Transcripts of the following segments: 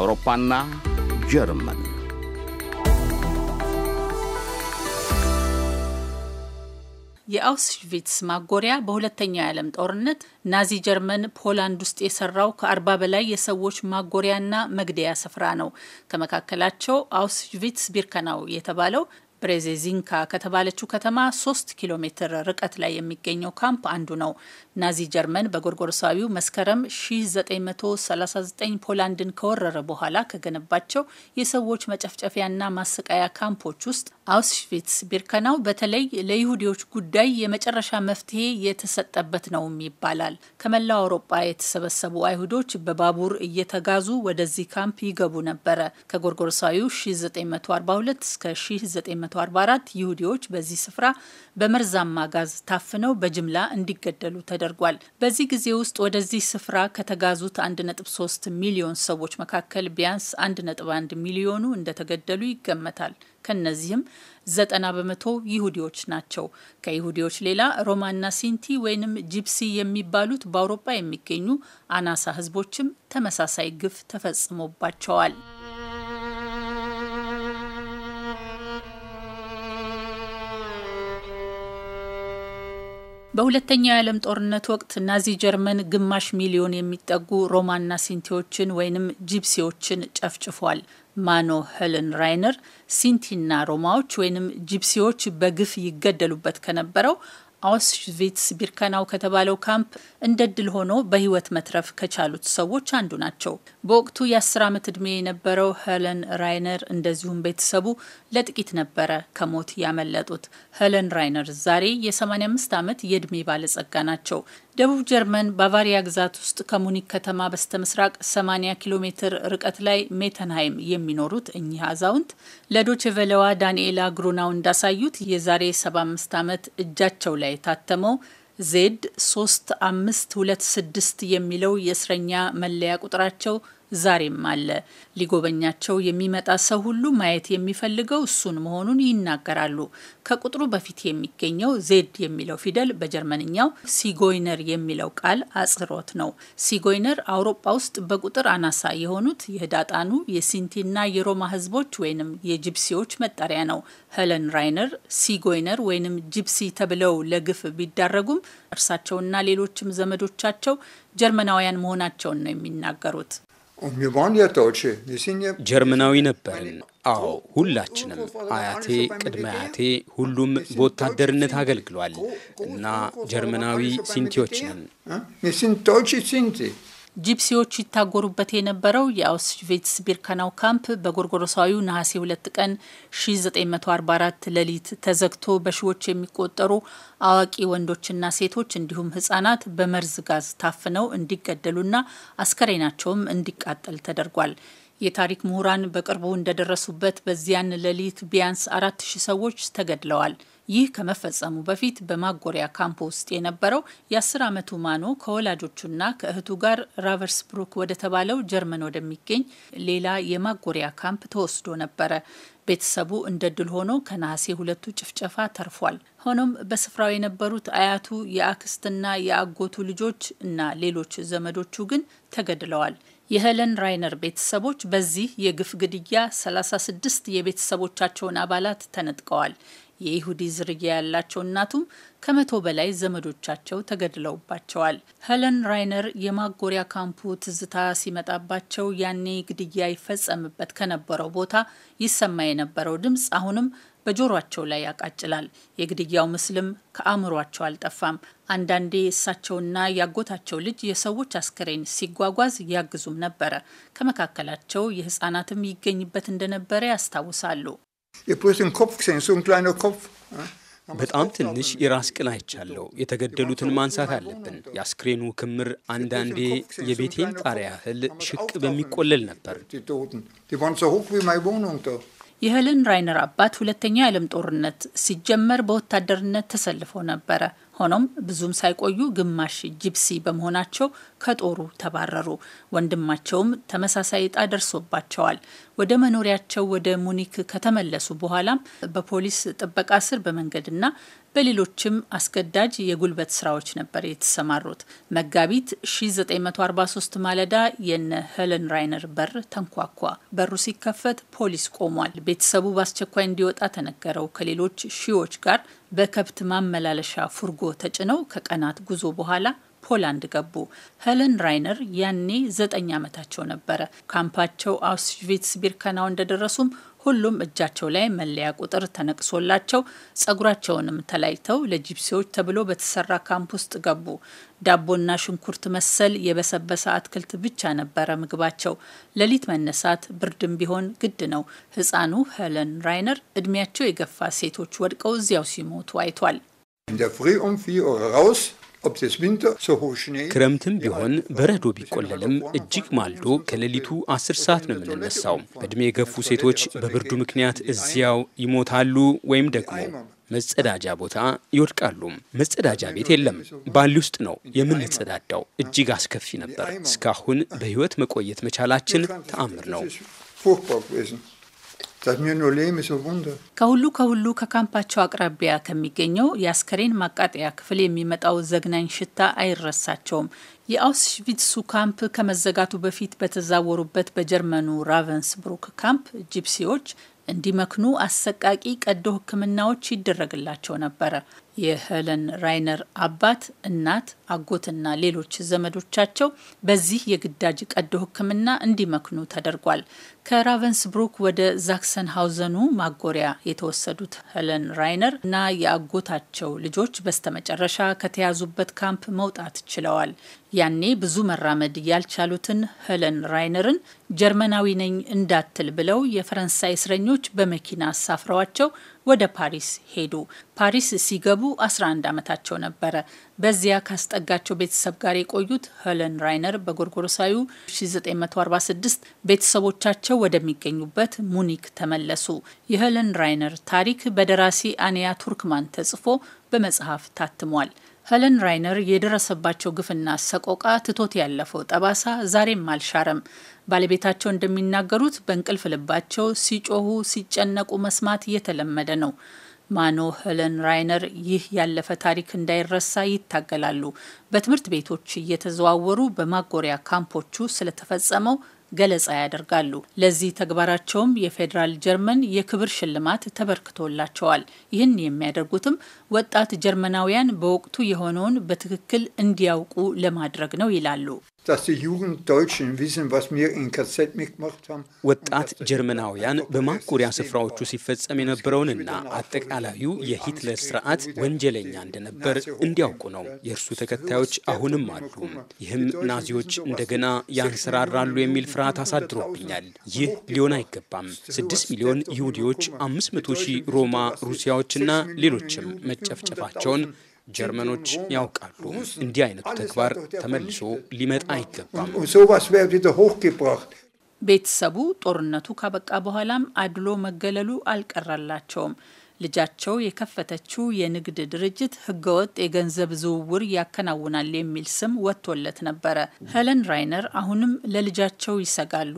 አውሮፓና ጀርመን የአውስቪትስ ማጎሪያ በሁለተኛው የዓለም ጦርነት ናዚ ጀርመን ፖላንድ ውስጥ የሰራው ከአርባ በላይ የሰዎች ማጎሪያና መግደያ ስፍራ ነው። ከመካከላቸው አውስቪትስ ቢርከናው የተባለው ብሬዜዚንካ ከተባለችው ከተማ 3 ኪሎ ሜትር ርቀት ላይ የሚገኘው ካምፕ አንዱ ነው። ናዚ ጀርመን በጎርጎርሳዊው መስከረም 1939 ፖላንድን ከወረረ በኋላ ከገነባቸው የሰዎች መጨፍጨፊያና ማሰቃያ ካምፖች ውስጥ አውስሽቪትስ ቢርከናው በተለይ ለይሁዲዎች ጉዳይ የመጨረሻ መፍትሄ የተሰጠበት ነውም ይባላል። ከመላው አውሮጳ የተሰበሰቡ አይሁዶች በባቡር እየተጋዙ ወደዚህ ካምፕ ይገቡ ነበረ ከጎርጎርሳዊው 1942 እስከ 144 ይሁዲዎች በዚህ ስፍራ በመርዛማ ጋዝ ታፍነው በጅምላ እንዲገደሉ ተደርጓል። በዚህ ጊዜ ውስጥ ወደዚህ ስፍራ ከተጋዙት 1.3 ሚሊዮን ሰዎች መካከል ቢያንስ 1.1 ሚሊዮኑ እንደተገደሉ ይገመታል። ከነዚህም ዘጠና በመቶ ይሁዲዎች ናቸው። ከይሁዲዎች ሌላ ሮማና ሲንቲ ወይንም ጂፕሲ የሚባሉት በአውሮፓ የሚገኙ አናሳ ህዝቦችም ተመሳሳይ ግፍ ተፈጽሞባቸዋል። በሁለተኛው የዓለም ጦርነት ወቅት ናዚ ጀርመን ግማሽ ሚሊዮን የሚጠጉ ሮማና ሲንቲዎችን ወይንም ጂፕሲዎችን ጨፍጭፏል። ማኖ ሄለን ራይነር ሲንቲና ሮማዎች ወይንም ጂፕሲዎች በግፍ ይገደሉበት ከነበረው አውስሽቪትስ ቢርከናው ከተባለው ካምፕ እንደ ድል ሆኖ በህይወት መትረፍ ከቻሉት ሰዎች አንዱ ናቸው። በወቅቱ የአስር ዓመት ዕድሜ የነበረው ሄለን ራይነር እንደዚሁም ቤተሰቡ ለጥቂት ነበረ ከሞት ያመለጡት። ሄለን ራይነር ዛሬ የ85 ዓመት የዕድሜ ባለጸጋ ናቸው። ደቡብ ጀርመን ባቫሪያ ግዛት ውስጥ ከሙኒክ ከተማ በስተምስራቅ 80 ኪሎ ሜትር ርቀት ላይ ሜተንሃይም የሚኖሩት እኚህ አዛውንት ለዶችቨለዋ ዳንኤላ ግሩናው እንዳሳዩት የዛሬ 75 ዓመት እጃቸው ላይ የታተመው ዜድ 3526 የሚለው የእስረኛ መለያ ቁጥራቸው ዛሬም አለ። ሊጎበኛቸው የሚመጣ ሰው ሁሉ ማየት የሚፈልገው እሱን መሆኑን ይናገራሉ። ከቁጥሩ በፊት የሚገኘው ዜድ የሚለው ፊደል በጀርመንኛው ሲጎይነር የሚለው ቃል አጽሮት ነው። ሲጎይነር አውሮፓ ውስጥ በቁጥር አናሳ የሆኑት የህዳጣኑ የሲንቲና የሮማ ህዝቦች ወይንም የጂፕሲዎች መጠሪያ ነው። ሄለን ራይነር ሲጎይነር ወይንም ጂፕሲ ተብለው ለግፍ ቢዳረጉም እርሳቸውና ሌሎችም ዘመዶቻቸው ጀርመናውያን መሆናቸውን ነው የሚናገሩት። ጀርመናዊ ነበርን። አዎ ሁላችንም፣ አያቴ፣ ቅድመ አያቴ ሁሉም በወታደርነት አገልግሏል እና ጀርመናዊ ሲንቲዎች ነን። ጂፕሲዎች ይታጎሩበት የነበረው የአውስቪትስ ቢርከናው ካምፕ በጎርጎሮሳዊ ነሐሴ 2 ቀን 1944 ሌሊት ተዘግቶ በሺዎች የሚቆጠሩ አዋቂ ወንዶችና ሴቶች እንዲሁም ህጻናት በመርዝ ጋዝ ታፍነው እንዲገደሉና አስከሬናቸውም እንዲቃጠል ተደርጓል። የታሪክ ምሁራን በቅርቡ እንደደረሱበት በዚያን ሌሊት ቢያንስ አራት ሺህ ሰዎች ተገድለዋል። ይህ ከመፈጸሙ በፊት በማጎሪያ ካምፕ ውስጥ የነበረው የአስር ዓመቱ ማኖ ከወላጆቹና ከእህቱ ጋር ራቨርስብሩክ ወደተባለው ጀርመን ወደሚገኝ ሌላ የማጎሪያ ካምፕ ተወስዶ ነበረ። ቤተሰቡ እንደ ድል ሆኖ ከነሐሴ ሁለቱ ጭፍጨፋ ተርፏል። ሆኖም በስፍራው የነበሩት አያቱ፣ የአክስትና የአጎቱ ልጆች እና ሌሎች ዘመዶቹ ግን ተገድለዋል። የሄለን ራይነር ቤተሰቦች በዚህ የግፍ ግድያ 36 የቤተሰቦቻቸውን አባላት ተነጥቀዋል። የይሁዲ ዝርያ ያላቸው እናቱም ከመቶ በላይ ዘመዶቻቸው ተገድለውባቸዋል። ሄለን ራይነር የማጎሪያ ካምፑ ትዝታ ሲመጣባቸው ያኔ ግድያ ይፈጸምበት ከነበረው ቦታ ይሰማ የነበረው ድምፅ አሁንም በጆሯቸው ላይ ያቃጭላል። የግድያው ምስልም ከአእምሯቸው አልጠፋም። አንዳንዴ የእሳቸውና ያጎታቸው ልጅ የሰዎች አስከሬን ሲጓጓዝ ያግዙም ነበረ። ከመካከላቸው የህፃናትም ይገኝበት እንደነበረ ያስታውሳሉ። በጣም ትንሽ የራስ ቅል አይቻለሁ። የተገደሉትን ማንሳት አለብን። የአስክሬኑ ክምር አንዳንዴ የቤቴን ጣሪያ ያህል ሽቅ በሚቆለል ነበር። የሄለን ራይነር አባት ሁለተኛው የዓለም ጦርነት ሲጀመር በወታደርነት ተሰልፈው ነበረ። ሆኖም ብዙም ሳይቆዩ ግማሽ ጂፕሲ በመሆናቸው ከጦሩ ተባረሩ። ወንድማቸውም ተመሳሳይ እጣ ደርሶባቸዋል። ወደ መኖሪያቸው ወደ ሙኒክ ከተመለሱ በኋላም በፖሊስ ጥበቃ ስር በመንገድና በሌሎችም አስገዳጅ የጉልበት ስራዎች ነበር የተሰማሩት። መጋቢት 1943 ማለዳ የነ ሄለን ራይነር በር ተንኳኳ። በሩ ሲከፈት ፖሊስ ቆሟል። ቤተሰቡ በአስቸኳይ እንዲወጣ ተነገረው። ከሌሎች ሺዎች ጋር በከብት ማመላለሻ ፉርጎ ተጭነው ከቀናት ጉዞ በኋላ ሆላንድ ገቡ። ሄለን ራይነር ያኔ ዘጠኝ ዓመታቸው ነበረ። ካምፓቸው አውስቪትስ ቢርከናው እንደደረሱም ሁሉም እጃቸው ላይ መለያ ቁጥር ተነቅሶላቸው ጸጉራቸውንም ተላይተው ለጂፕሲዎች ተብሎ በተሰራ ካምፕ ውስጥ ገቡ። ዳቦና ሽንኩርት መሰል የበሰበሰ አትክልት ብቻ ነበረ ምግባቸው። ሌሊት መነሳት ብርድም ቢሆን ግድ ነው። ሕፃኑ ሄለን ራይነር እድሜያቸው የገፋ ሴቶች ወድቀው እዚያው ሲሞቱ አይቷል። ክረምትም ቢሆን በረዶ ቢቆለልም እጅግ ማልዶ ከሌሊቱ አስር ሰዓት ነው የምንነሳው። በዕድሜ የገፉ ሴቶች በብርዱ ምክንያት እዚያው ይሞታሉ ወይም ደግሞ መጸዳጃ ቦታ ይወድቃሉ። መጸዳጃ ቤት የለም። ባሊ ውስጥ ነው የምንጸዳዳው። እጅግ አስከፊ ነበር። እስካሁን በሕይወት መቆየት መቻላችን ተአምር ነው። ከሁሉ ከሁሉ ከካምፓቸው አቅራቢያ ከሚገኘው የአስከሬን ማቃጠያ ክፍል የሚመጣው ዘግናኝ ሽታ አይረሳቸውም። የአውሽቪትሱ ካምፕ ከመዘጋቱ በፊት በተዛወሩበት በጀርመኑ ራቨንስብሩክ ካምፕ ጂፕሲዎች እንዲመክኑ አሰቃቂ ቀዶ ሕክምናዎች ይደረግላቸው ነበረ። የሄለን ራይነር አባት፣ እናት፣ አጎትና ሌሎች ዘመዶቻቸው በዚህ የግዳጅ ቀዶ ሕክምና እንዲመክኑ ተደርጓል። ብሩክ ወደ ዛክሰን ሀውዘኑ ማጎሪያ የተወሰዱት ሄለን ራይነር እና የአጎታቸው ልጆች በስተመጨረሻ ከተያዙበት ካምፕ መውጣት ችለዋል። ያኔ ብዙ መራመድ ያልቻሉትን ሄለን ራይነርን ጀርመናዊ ነኝ እንዳትል ብለው የፈረንሳይ እስረኞች በመኪና አሳፍረዋቸው ወደ ፓሪስ ሄዱ። ፓሪስ ሲገቡ 11 ዓመታቸው ነበረ። በዚያ ካስጠጋቸው ቤተሰብ ጋር የቆዩት ሄለን ራይነር በጎርጎሮሳዩ 1946 ቤተሰቦቻቸው ወደሚገኙበት ሙኒክ ተመለሱ። የሄለን ራይነር ታሪክ በደራሲ አንያ ቱርክማን ተጽፎ በመጽሐፍ ታትሟል። ሄለን ራይነር የደረሰባቸው ግፍና ሰቆቃ ትቶት ያለፈው ጠባሳ ዛሬም አልሻረም። ባለቤታቸው እንደሚናገሩት በእንቅልፍ ልባቸው ሲጮሁ፣ ሲጨነቁ መስማት እየተለመደ ነው። ማኖ ሄለን ራይነር ይህ ያለፈ ታሪክ እንዳይረሳ ይታገላሉ። በትምህርት ቤቶች እየተዘዋወሩ በማጎሪያ ካምፖቹ ስለተፈጸመው ገለጻ ያደርጋሉ። ለዚህ ተግባራቸውም የፌዴራል ጀርመን የክብር ሽልማት ተበርክቶላቸዋል። ይህን የሚያደርጉትም ወጣት ጀርመናውያን በወቅቱ የሆነውን በትክክል እንዲያውቁ ለማድረግ ነው ይላሉ። ወጣት ጀርመናውያን በማጎሪያ ስፍራዎቹ ሲፈጸም የነበረውንና አጠቃላዩ የሂትለር ስርዓት ወንጀለኛ እንደነበር እንዲያውቁ ነው። የእርሱ ተከታዮች አሁንም አሉ። ይህም ናዚዎች እንደገና ያንሰራራሉ የሚል ፍርሃት አሳድሮብኛል። ይህ ሊሆን አይገባም። ስድስት ሚሊዮን ይሁዲዎች፣ አምስት መቶ ሺህ ሮማ ሩሲያዎችና ሌሎችም መጨፍጨፋቸውን ጀርመኖች ያውቃሉ፣ እንዲህ አይነቱ ተግባር ተመልሶ ሊመጣ አይገባም። ቤተሰቡ ጦርነቱ ካበቃ በኋላም አድሎ መገለሉ አልቀረላቸውም። ልጃቸው የከፈተችው የንግድ ድርጅት ህገወጥ የገንዘብ ዝውውር ያከናውናል የሚል ስም ወጥቶለት ነበረ። ሄለን ራይነር አሁንም ለልጃቸው ይሰጋሉ፣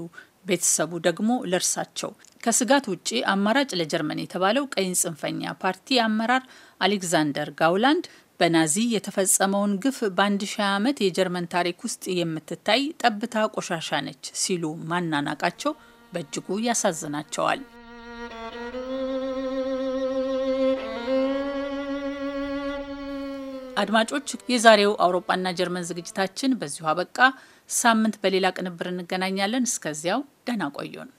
ቤተሰቡ ደግሞ ለእርሳቸው። ከስጋት ውጪ አማራጭ ለጀርመን የተባለው ቀኝ ጽንፈኛ ፓርቲ አመራር አሌክዛንደር ጋውላንድ በናዚ የተፈጸመውን ግፍ በአንድ ሺህ ዓመት የጀርመን ታሪክ ውስጥ የምትታይ ጠብታ ቆሻሻ ነች ሲሉ ማናናቃቸው በእጅጉ ያሳዝናቸዋል። አድማጮች፣ የዛሬው አውሮፓና ጀርመን ዝግጅታችን በዚሁ አበቃ። ሳምንት በሌላ ቅንብር እንገናኛለን። እስከዚያው ደህና ቆዩን።